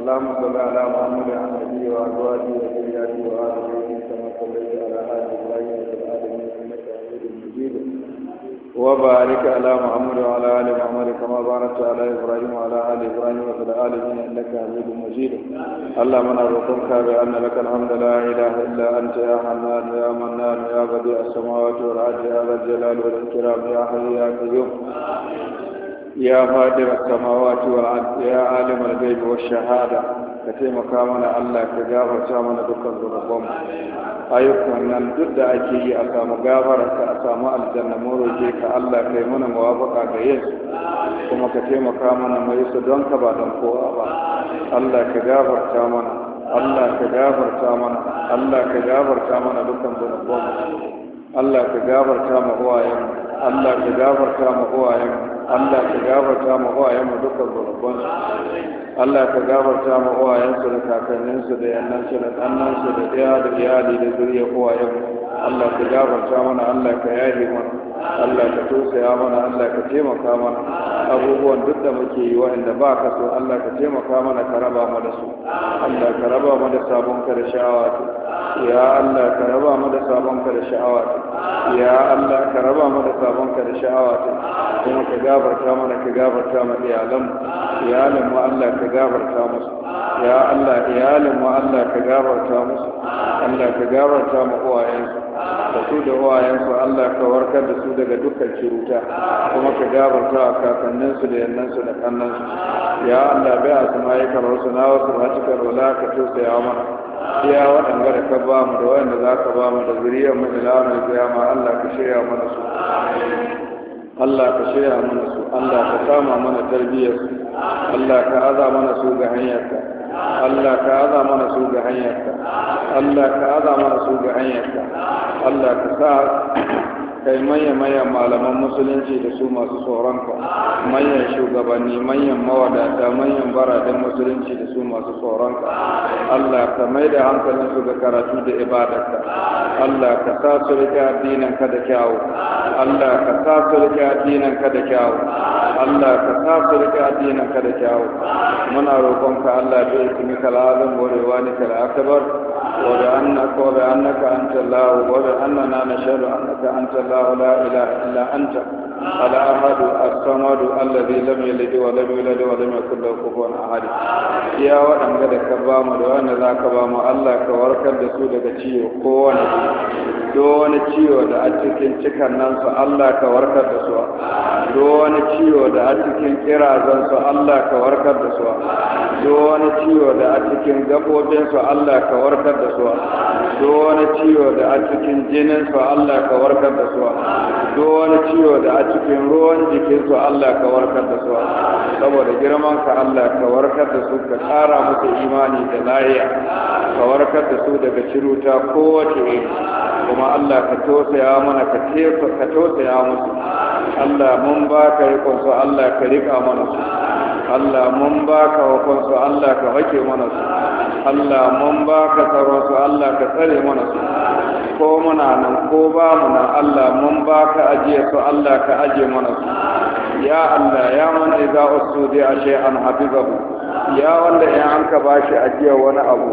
اللهم صل على محمد وعلى آله وأزواجه وذرياته وآل بيته كما صليت على آل إبراهيم في العالمين إنك حميد مجيد وبارك على محمد وعلى آل محمد كما باركت على إبراهيم وعلى آل إبراهيم في العالمين إنك حميد مجيد اللهم نرقمك بأن لك الحمد لا إله إلا أنت يا حنان يا منان يا بديع السماوات والأرض يا ذا الجلال والإكرام يا حي يا قيوم ya fadira samawati wa ya alimul ghaibi wash shahada ka taimaka mana Allah ka gafarta mana dukkan zunuban ayyukan nan duk da ake yi a samu gafara ka a samu aljanna mu ka Allah kai mana muwafaqa ga yin kuma ka taimaka mana mu yi don ka ba ba Allah ka gafarta mana Allah ka mana Allah ka mana dukkan Allah ka Allah ta gafarta mu uwayen Allah ka gafarta mu uwayen mu dukkan gurbin Allah ta gafarta mu uwayen su da kakannin su da yannan su da kannan su da iya da iyali da zuriya uwayen Allah ta gafarta mana Allah ka yaye mana Allah ka tausaya mana Allah ka taimaka mana abubuwan duk da muke yi wa'anda ba ka so Allah ka taimaka mana ka raba mu da su Allah ka raba mu da sabon ka da sha'awa ya Allah ka raba mu da sabon ka da sha'awa ya Allah ka raba mu da sabon ka da sha'awa kuma ka gabarta mana ka gabarta mana iyalan iyalan mu Allah ka gabarta musu ya Allah iyalan mu Allah ka gabarta musu Allah ka gabarta mu uwayensu da su da uwayensu Allah ka su daga dukkan ciruta kuma ka gabarta a kakanninsu da yannansu da kannansu ya Allah bai a su ma'aikar wasu na wasu matukar wala ka tausaya mana iya waɗanda da ka ba mu da waɗanda za ka ba mu da zuriyar mu ila mai kiyama Allah ka shirya mana su Allah ka shirya mana su Allah ka sama mana tarbiyyar su Allah ka aza mana su ga hanyarka Allah ka aza mana su ga hanyarka Allah ka aza mana su ga hanyarka Allah ka sa kai manya-manyan malaman musulunci da su masu tsoronka manyan shugabanni manyan mawadata manyan baraden musulunci da su masu tsoronka Allah ka mai da su ga karatu da ibadarka Allah ka sa su rike addinanka da kyawu Allah ka sa su rike addinanka da kyawu Allah ka sa su rike ka da kyawu muna roƙonka Allah bai ismi kalazin warewa ne kala akabar وبأنك وبأنك أنت الله وبأننا نشهد أنك أنت الله لا إله إلا أنت الأحد الصمد الذي لم يلد ولم يولد ولم يكن له كفوا أحد يا وأن قد كبام وأن ذا كبام الله كوركر دسو daga ciwo ko wani do wani ciwo da a cikin cikan nan su Allah ka warkar da su do wani ciwo da a cikin kirazan su Allah ka warkar da su duk wani ciwo da a cikin gaɓoɓinsu Allah ka warkar da su duk wani ciwo da a cikin jininsu Allah ka warkar da su duk wani ciwo da a cikin ruwan jikinsu Allah ka warkar da su saboda girman ka Allah ka warkar da su ka tsara musu imani da lahiya ka warkar da su daga ciruta kowace iri kuma Allah ka tosaya mana ka ka tosaya musu Allah mun ba ka riƙon su Allah ka riƙa mana su Allah mun baka hukun su Allah ka hake mana su Allah mun baka su Allah ka tsare mana su ko muna nan ko ba mu nan Allah mun baka ajiye su Allah ka ajiye mana su ya Allah ya man idza usudi shay'an hafizahu ya wanda in an ka bashi ajiya wani abu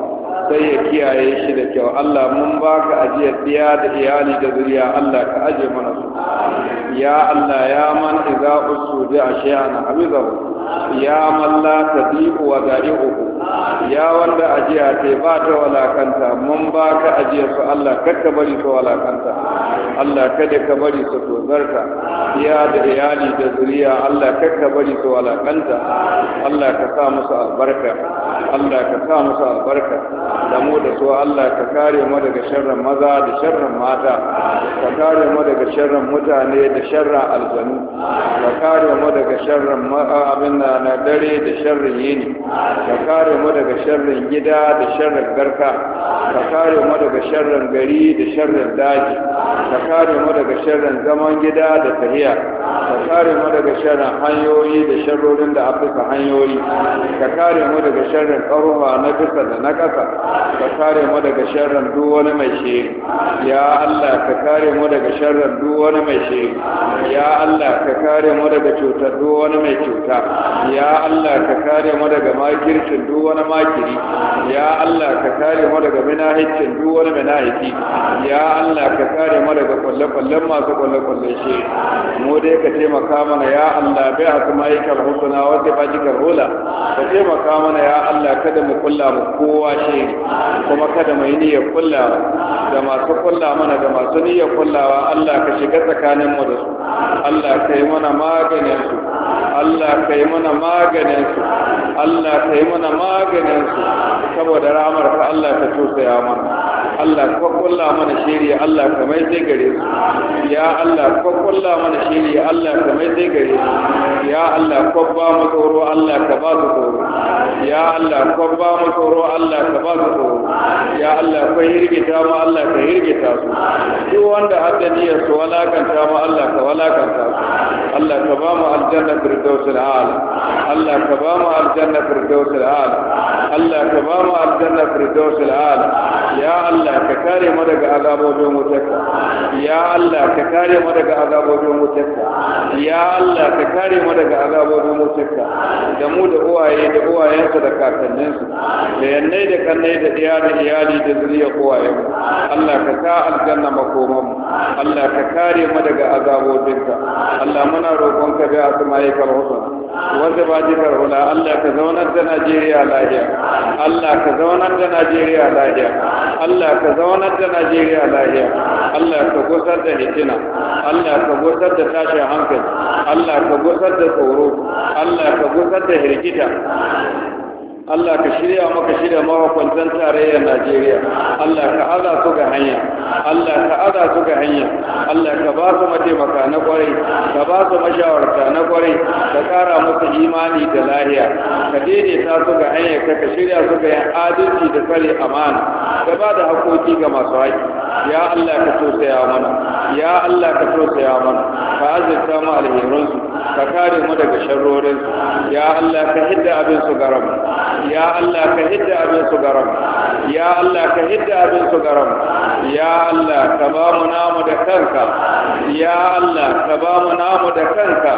sai ya kiyaye shi da kyau Allah mun baka ajiya tsiya da iyali da zuriya Allah ka ajiye mana su ya Allah ya man idza usudi shay'an hafizahu ya malla sadiqu wa da'i'uhu ya wanda ajiya ta ba ta walakanta mun ba ka ajiya su Allah kada bari su walakanta Allah kada ka bari su tozarta ya da iyali da zuriya Allah kada bari su walakanta Allah ka sa musu albarka Allah ka sa musu albarka da mu da su Allah ka kare mu daga sharrin maza da sharrin mata ka kare mu daga sharrin mutane da sharrin aljanu ka kare mu daga sharrin abin Allah na dare da sharrin yini ka kare mu daga sharrin gida da sharrin garka ka kare mu daga sharrin gari da sharrin daji ka kare mu daga sharrin zaman gida da tahiya ka kare mu daga sharrin hanyoyi da sharrorin da afirka hanyoyi ka kare mu daga sharrin karuwa na bisa da na ƙasa ka kare mu daga sharrin duk wani mai shiri ya Allah ka kare mu daga sharrin duk wani mai shiri ya Allah ka kare mu daga cutar duk wani mai cuta ya Allah ka kare mu daga makircin duk wani makiri ya Allah ka kare mu daga minahicin duk wani minahici ya Allah ka kare mu daga kwalle-kwallen masu kwalle-kwalle shi mu dai ka taimaka mana ya Allah bai a kuma yi karhutuna wasu bajikar hula ka taimaka mana ya Allah kada mu kulla mu kowa shi kuma kada mu yi niyyar kullawa da masu kulla mana da masu niyyar kullawa Allah ka shiga tsakaninmu da su Allah ka yi mana maganin su Allah ka yi mana maganin su Allah ka yi mana maganin su saboda ramar ka Allah ka tosaya mana Allah ka kulla mana shiri Allah ka mai sai gare su ya Allah ka kulla mana shiri Allah ka mai sai gare su ya Allah kwabba mu tsoro Allah ka ba su tsoro ya Allah kwabba mu tsoro Allah ka ba su tsoro ya Allah ka hirgita mu Allah ka hirgita su duk wanda hadda niyyar su walakanta mu Allah ka walakanta su Allah ka ba mu aljanna firdausul a'la Allah ka ba mu aljanna firdausul a'la Allah ka ba mu aljanna firdausul ala ya Allah ka kare mu daga azabobin wutarka ya Allah ka kare mu daga azabobin wutarka ya Allah ka kare mu daga azabobin wutarka da mu da uwaye da uwayensu da kakanninsu da yannai da kannai da iya da iyali da zuriya uwayensu Allah ka sa aljanna makoman Allah ka kare mu daga azabobinka Allah muna roƙonka bi Allah ka Najeriya lafiya Allah ka zaunar da Najeriya lafiya Allah ka zaunar da Najeriya lafiya Allah ka gusar da hikima Allah ka gusar da tashin hankali Allah ka gusar da tsoro Allah ka gusar da hirgita Allah ka shirya maka shirya mawakwantan tarayyar Najeriya Allah ka aza su ga hanya Allah ka aza su ga hanya Allah ka ba su mataimaka na kwarai ka ba su mashawarta na kwarai ka kara musu imani da lahiya ka daidaita su ga hanya ka ka shirya su ga adalci da tsare amana ka ba da hakoki ga masu haƙi ya Allah ka tausaya mana ya Allah ka so tausaya mana ka azurta mu alherinsu ka kare mu daga sharrorinsu ya Allah ka hidda abin su garama ya Allah ka hidda abin su garam ya Allah ka hidda abin su garam ya Allah ka ba mu namu da kanka ya Allah ka ba mu namu da kanka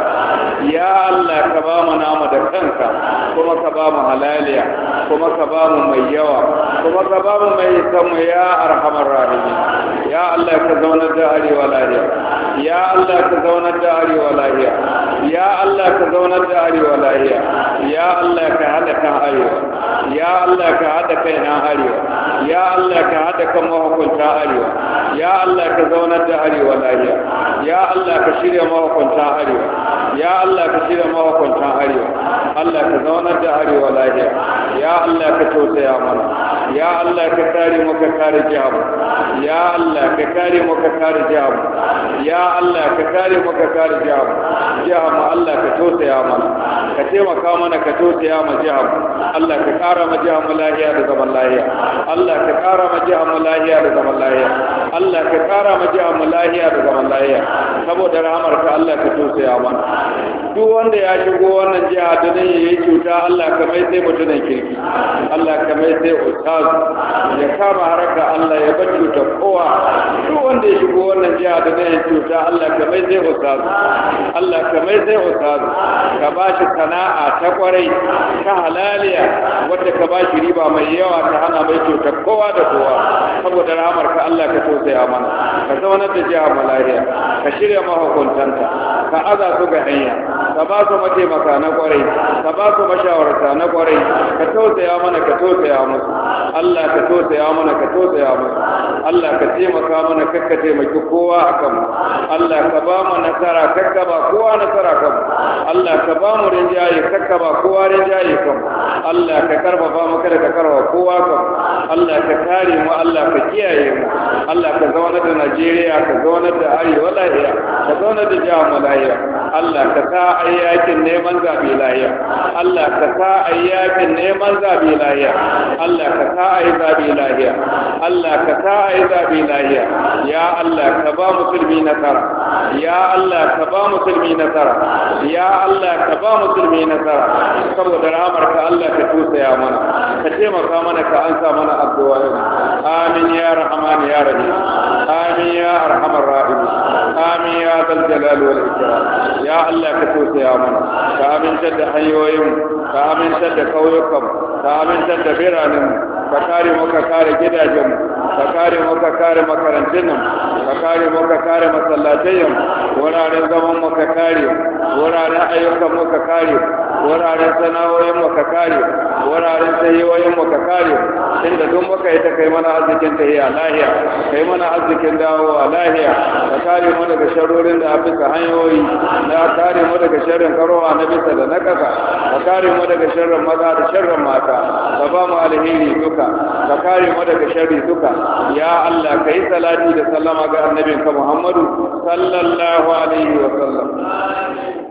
ya Allah ka ba mu namu da kanka kuma ka ba mu halaliya kuma ka ba mu mai yawa kuma ka ba mu mai samu ya arhamar rahimin ya Allah ka zaunar da arewa lahiya ya Allah ka zaunar da arewa lahiya ya Allah zaunar da arewa lahiya ya Allah ka haɗa kan arewa ya Allah ka haɗa kai na arewa ya Allah ka haɗa kan mahukunta arewa ya Allah ka zaunar da arewa lahiya ya Allah ka shirya mahukunta arewa ya Allah ka shirya mahukunta arewa Allah ka zaunar da arewa lahiya ya Allah ka tausaya mana ya Allah ka kare mu ka kare jihar ya Allah ka kare mu ka kare jihar ya Allah ka kare mu ka kare jihar jihar mu Allah ka tausaya mana ka taimaka mana ka tausaya ma jihar Allah ka kara ma jihar mu lahiya da zaman lahiya Allah ka kara ma jihar mu lahiya da zaman lahiya Allah ka kara ma jihar mu lahiya da zaman lahiya saboda rahamar ka Allah ka tausaya mana duk wanda ya shigo wannan jiha da ya yi cuta Allah ka mai sai mutumin kirki Allah ka mai sai Abbas ya kama haraka Allah ya bar cuta kowa duk wanda ya shigo wannan jiha da zai cuta Allah ka mai zai ustazu Allah ka mai zai ustazu ka ba shi sana'a ta kwarai ta halaliya wadda ka ba shi riba mai yawa ta hana mai cuta kowa da kowa saboda rahamar ka Allah ka tausaya mana ka zauna da jiha malaria ka shirya mahukuntanta ka aza su ga hanya ka ba su mataimaka na kwarai ka ba su mashawarta na kwarai ka tausaya mana ka tausaya musu Allah ka tausaya mana ka tausaya mana Allah ka taimaka mana kakka taimaki kowa a kanmu Allah ka ba mu nasara kakka ba kowa nasara kanmu Allah ka ba mu rinjaye kakka ba kowa rinjaye kanmu Allah ka karfafa mu kada ka karfafa kowa kanmu Allah ka kare mu Allah ka kiyaye mu Allah ka zauna da Najeriya ka zauna da Arewa lahiya ka zauna da jihar mu lahiya Allah ka sa ayyakin neman zabe lahiya Allah ka sa ayyakin neman zabe lahiya Allah ka sa عذاب الهيا الله كتا عذاب الهيا يا الله كبا مسلمين ترى يا الله كبا مسلمين ترى يا الله كبا مسلمين ترى سبو درامر الله كتوس يا منا كتي مقامنا كأنسى منا الدوائن آمين يا رحمن يا رحيم آمين يا أرحم الراحمين آمين يا ذا الجلال والإكرام يا الله كتوس يا منا كامن شد حيوهم كامن شد قويكم كامن شد بيرانهم ka kare mu ka kare gidajen ka kare mu ka kare makarantun mu ka kare mu ka kare masallatai mu wuraren zaman mu ka kare wuraren ayyukan mu ka kare wuraren sana'o'in mu ka kare wuraren sahihoyin mu ka kare inda duk muka yi ta kai mana arzikin a lahiya kai mana arzikin a lahiya ka kare mu daga sharorin da bisa hanyoyi na kare mu daga sharrin karowa na bisa da na kasa. ka kare mu daga sharrin maza da sharrin mata ka ba mu alheri duka ka kare mu daga sharri duka ya Allah kai salati da sallama ga annabinka Muhammadu sallallahu alaihi wa sallam